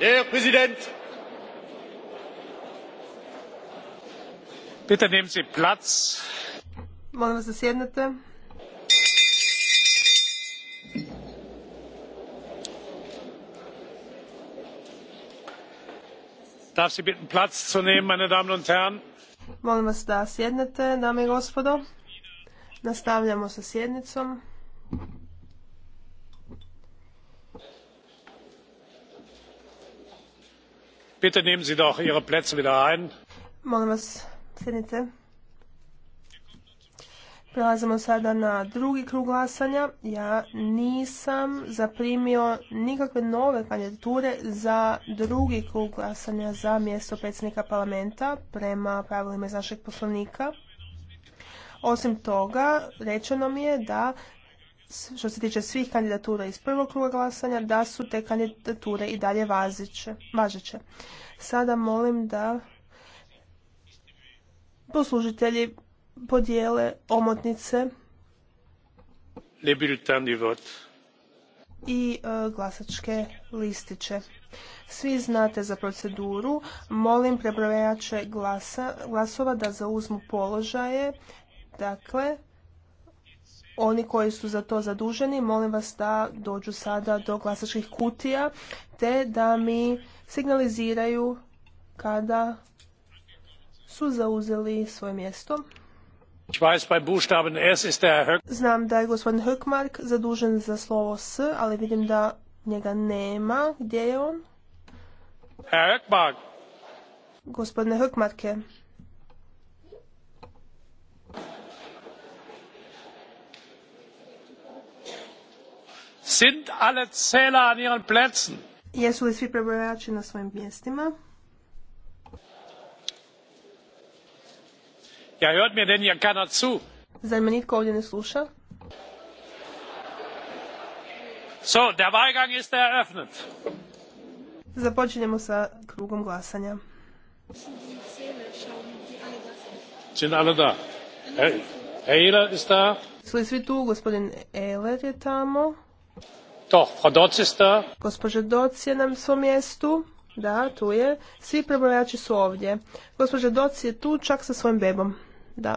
Herr Präsident! Bitte nehmen Sie Platz. Molim vas da sjednete. Darf Sie bitten Platz zu nehmen, meine Damen und Herren? Molim vas da sjednete, dame i gospodo. Nastavljamo sa sjednicom. Prelazimo sada na drugi krug glasanja. Ja nisam zaprimio nikakve nove kandidature za drugi krug glasanja za mjesto predsjednika parlamenta prema pravilima iz našeg poslovnika. Osim toga, rečeno mi je da što se tiče svih kandidatura iz prvog kruga glasanja, da su te kandidature i dalje važeće. Sada molim da poslužitelji podijele omotnice i e, glasačke listiće. Svi znate za proceduru. Molim prebrojače glasova da zauzmu položaje. Dakle, oni koji su za to zaduženi, molim vas da dođu sada do glasačkih kutija, te da mi signaliziraju kada su zauzeli svoje mjesto. Znam da je gospodin Hökmark zadužen za slovo S, ali vidim da njega nema. Gdje je on? Gospodine Hökmarke. Sind alle Zähler an ihren Plätzen? Jesu li svi prebrojači na svojim mjestima? Ja hört mir denn hier keiner zu? Zar me nitko ovdje ne sluša? So, der Wahlgang ist eröffnet. Započinjemo sa krugom glasanja. Sind alle da? Eiler ist da? li svi tu? Gospodin Eiler je tamo. Gospođa Doc je na svom mjestu. Da, tu je. Svi prebrojači su ovdje. Gospođa Doc je tu čak sa svojim bebom. Da.